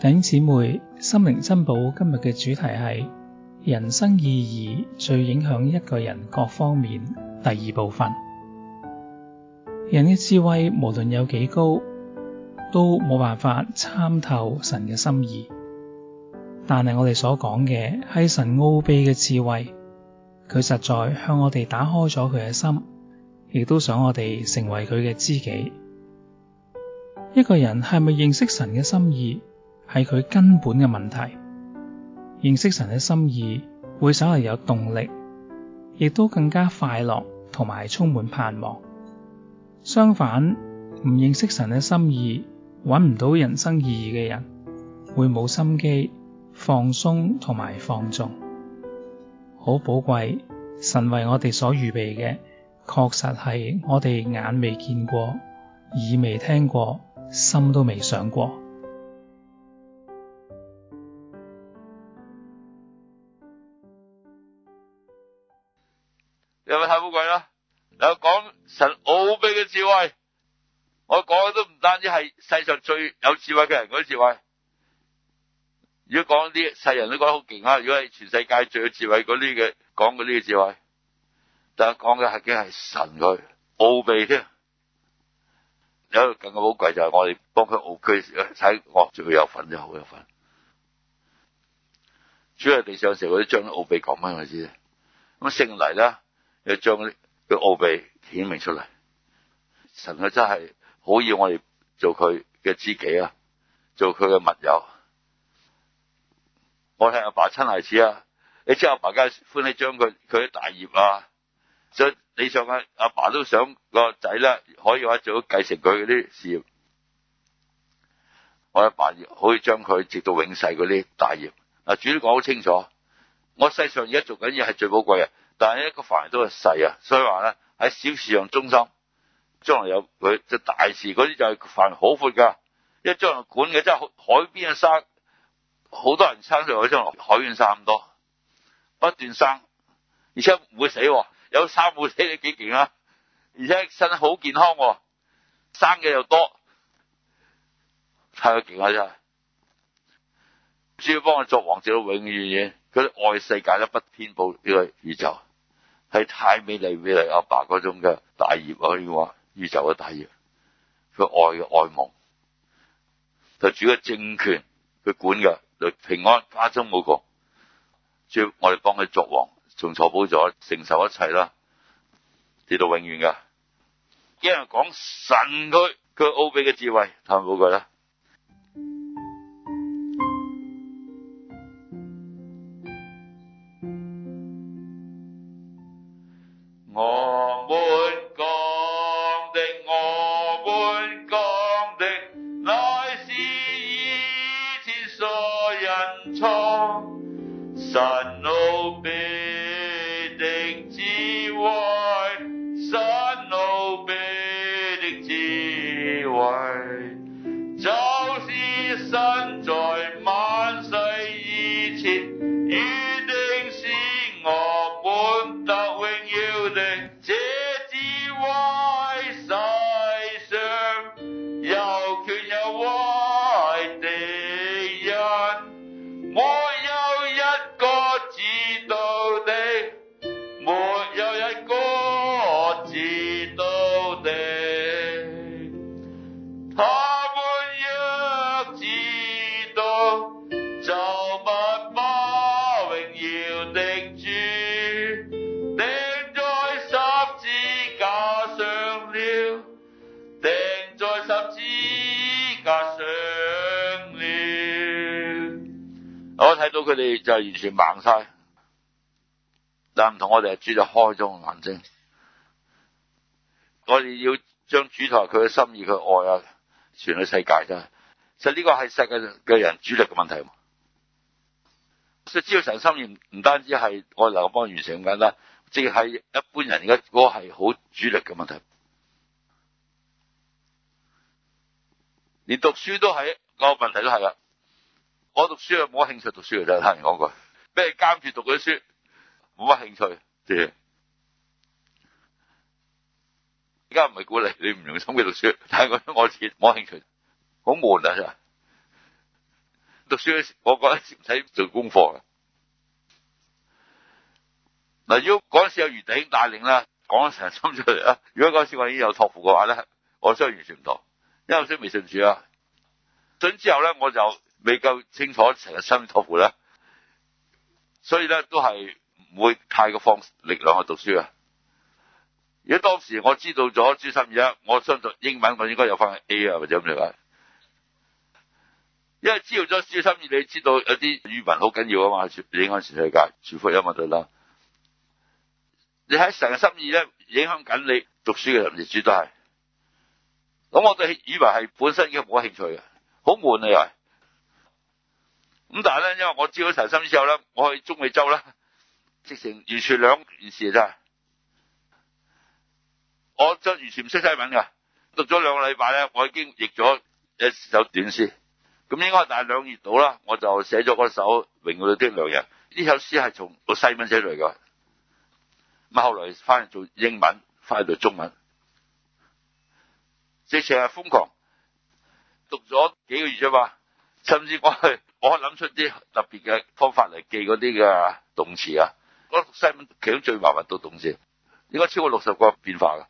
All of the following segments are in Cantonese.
弟兄姊妹心靈珍寶，今日嘅主題係人生意義最影響一個人各方面。第二部分，人嘅智慧無論有幾高，都冇辦法參透神嘅心意。但係我哋所講嘅係神奧祕嘅智慧，佢實在向我哋打開咗佢嘅心，亦都想我哋成為佢嘅知己。一個人係咪認識神嘅心意？係佢根本嘅問題，認識神嘅心意會稍為有動力，亦都更加快樂同埋充滿盼望。相反，唔認識神嘅心意，搵唔到人生意義嘅人，會冇心機，放鬆同埋放縱。好寶貴，神為我哋所預備嘅，確實係我哋眼未見過，耳未聽過，心都未想過。有冇太寶貴啦？嗱，我講神奧秘嘅智慧，我講嘅都唔單止係世上最有智慧嘅人嗰啲智慧。如果講啲世人都覺得好勁啊，如果係全世界最有智慧嗰啲嘅講嘅呢個智慧，但係講嘅係梗係神嘅奧秘添。有個更加寶貴就係我哋幫佢奧佢睇，我仲有份嘅，好有份。主在地上嘅時候，我都將啲奧秘講翻，你知。咁聖尼啦。要將啲佢奧祕顯明出嚟，神佢真係好要我哋做佢嘅知己啊，做佢嘅密友。我係阿爸親孩子啊，你知阿爸梗係歡喜將佢佢啲大業啊，所以你爸爸想阿阿爸都想個仔咧，可以話做到繼承佢嗰啲事業，我阿爸可以將佢接到永世嗰啲大業。嗱，主都講好清楚，我世上而家做緊嘢係最寶貴嘅。但係一個範圍都係細啊，所以話咧喺小事上忠心，將來有佢就是、大事嗰啲就係範圍好闊噶。因為將來管嘅真係海邊邊嘅沙，好多人生在將來海邊生咁多，不斷生，而且唔會死、啊，有生會死你幾勁啊？而且生得好健康、啊，生嘅又多，太勁啦真係。只要幫佢作王，直到永遠嘅。佢愛世界都不偏暴呢個宇宙。係太美麗，美麗阿爸嗰種嘅大業啊，可以話宇宙嘅大業，佢愛嘅愛慕，就主嘅政權佢管嘅，嚟，平安家中冇國，主我哋幫佢作王，仲坐寶座承受一切啦，直到永遠噶。因為講神佢佢奧秘嘅智慧，睇下佢啦。我睇到佢哋就完全盲晒，但唔同我哋主力開咗嘅眼睛。我哋要將主台佢嘅心意、佢愛啊，傳去世界啫。其實呢個係世界嘅人主力嘅問題，即係知道心意唔單止係我能邦完成咁簡單，即係一般人而家嗰個係好主力嘅問題，連讀書都係個問題都係啦。我讀書又冇乜興趣讀書嘅啫，聽人講過，俾人監住讀佢啲書，冇乜興趣。即係而家唔係鼓勵你唔用心去讀書，但係我我自己冇興趣，好悶啊！真係讀書嗰時，我覺得唔使做功課嘅。嗱，如果嗰陣時有余弟兄帶領啦，講咗成心出嚟啦，如果嗰陣時我已經有託付嘅話咧，我雖然完全唔讀，因為書未信住啊。信之後咧，我就。未夠清楚人生意義託付咧，所以咧都係唔會太過放力量去讀書啊！如果當時我知道咗《人生意義》，我相信英文我應該有翻 A 啊，或者咁樣，因為知道咗《人生意義，你知道有啲語文好緊要啊嘛，影響全世界，全福音咪得啦。你喺人生意義咧影響緊你讀書嘅人書，業主都係。咁我對語文係本身已經冇興趣嘅，好悶啊又。咁但係咧，因為我朝早投心之後咧，我去中美洲咧，直情完全兩件事啦。我就完全唔識西文㗎，讀咗兩個禮拜咧，我已經譯咗一首短詩，咁應該係大約兩月度啦，我就寫咗首《榮耀的良人》。呢首詩係從個西文寫嚟㗎。咁後來翻嚟做英文，翻嚟讀中文，直情係瘋狂，讀咗幾個月啫嘛。甚至我係，我可以諗出啲特別嘅方法嚟記嗰啲嘅動詞啊！我、那、讀、個、西文其中最麻煩都動詞，應該超過六十個變化噶。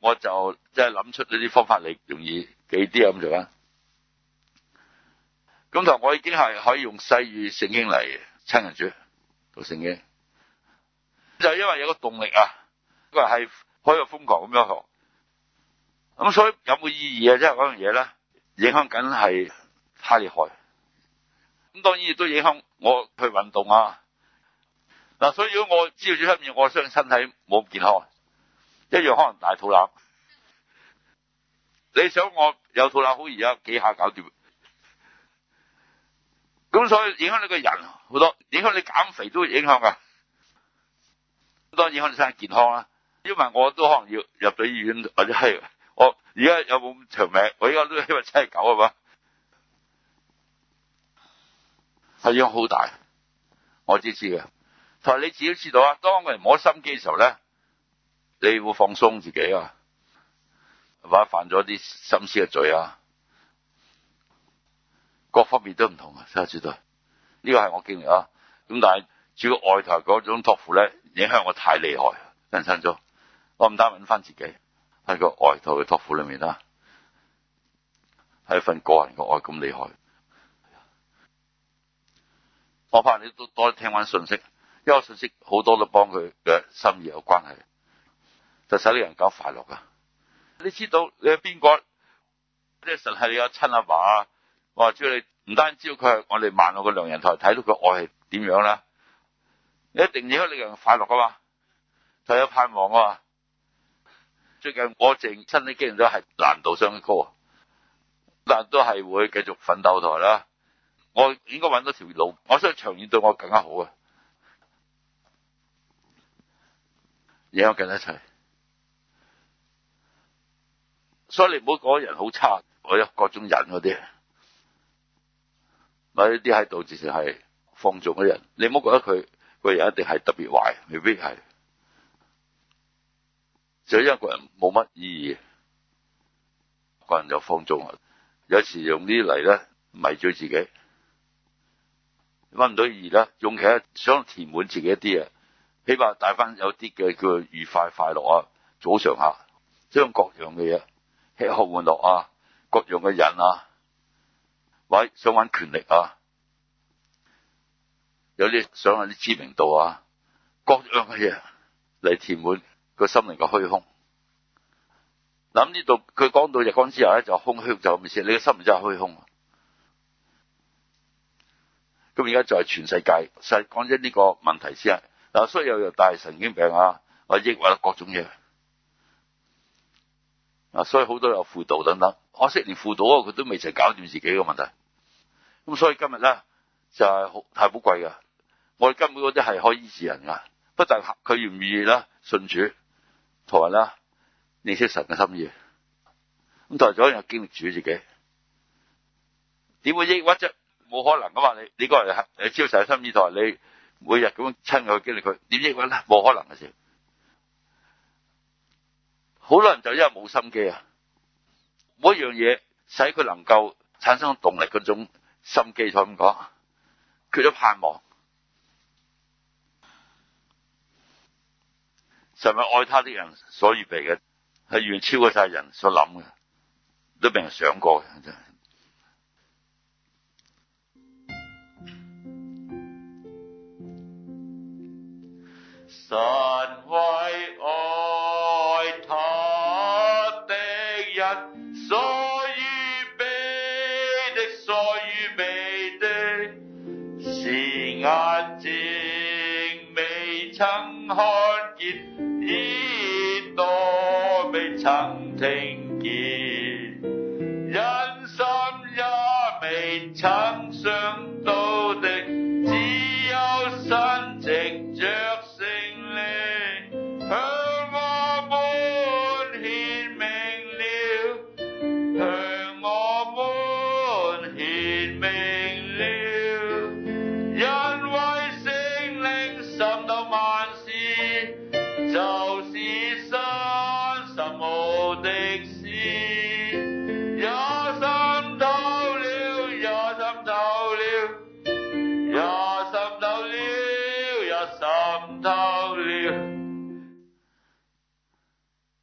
我就即係諗出呢啲方法嚟容易記啲咁做啦、啊。咁同我已經係可以用西語聖經嚟親人主讀聖經，就是、因為有個動力啊，因為係可以一個瘋狂咁樣學。咁所以有冇意義啊？即係嗰樣嘢咧，影響緊係。太厲害，咁當然亦都影響我去運動啊。嗱、啊，所以如果我知道煮蝦麵，我相信身體冇咁健康，一樣可能大肚腩。你想我有肚腩好，而家幾下搞掂。咁所以影響你個人好多，影響你減肥都會影響噶，當然影能響你身體健康啦、啊。因為我都可能要入到醫院，或者係我而家有冇咁長命？我而家都因為七十九啊嘛。係樣好大，我知知嘅。但係你自己知道啊，當個人冇心機嘅時候咧，你會放鬆自己啊，或者犯咗啲心思嘅罪啊，各方面都唔同啊。所以絕對呢個係我經歷啊。咁但係主要外台嗰種託付咧，影響我太厲害，人生中。我唔單搵返自己喺個外台嘅託付裏面啦，係一份個人嘅愛咁厲害。我怕你都多聽翻信息，因為信息好多都幫佢嘅心意有關係，就使啲人搞快樂噶。你知道你係邊個？即係神係你阿親阿爸啊，我話主要你唔單止要佢係我哋萬惡嘅良人台睇到佢愛係點樣啦，你一定要俾啲人快樂噶嘛，就有盼望啊嘛。最近我淨親啲經文都係難度相高，但都係會繼續奮鬥台啦。我應該揾到條路，我想長遠對我更加好啊！影響緊一切，所以你唔好講人好差，或者各種人嗰啲，咪呢啲喺度，就係放縱嘅人。你唔好覺得佢個人一定係特別壞，未必係，就因為個人冇乜意義，個人就放縱，有時用呢啲嚟咧迷住自己。揾唔到意義啦，用其他想填滿自己一啲嘢，起碼帶翻有啲嘅叫愉快快樂啊，早上下、啊，將各樣嘅嘢吃喝玩樂啊，各樣嘅人啊，喂、哎，想玩權力啊，有啲想搵啲知名度啊，各樣嘅嘢嚟填滿個心靈嘅虛空。諗呢度，佢講到日光之下咧，就空虛就未少，你嘅心靈真係虛空。咁而家就係全世界，實講緊呢個問題先啊！嗱，所以又有大神經病啊，或抑鬱啊，各種嘢啊，所以好多有輔導等等。可惜連輔導啊，佢都未曾搞掂自己個問題。咁所以今日咧就係好，太寶貴噶。我哋根本嗰啲係可以治人噶，不但係佢願唔願意啦？信主，同埋啦，認識神嘅心意。咁台早又經歷主自己，點會抑鬱啫？冇可能噶嘛？你你嗰人係誒朝受心意台，你每日咁親佢經歷佢，點益運咧？冇可能嘅事。好多人就因為冇心機啊，冇一樣嘢使佢能夠產生動力嗰種心機，再咁講，缺咗盼望，係咪愛他的人所預備嘅，係遠超過晒人所諗嘅，都未人想過嘅真。神為愛他的人所預備的，所預備的是眼睛未曾看見，耳朵未曾聽見，人心也未曾想。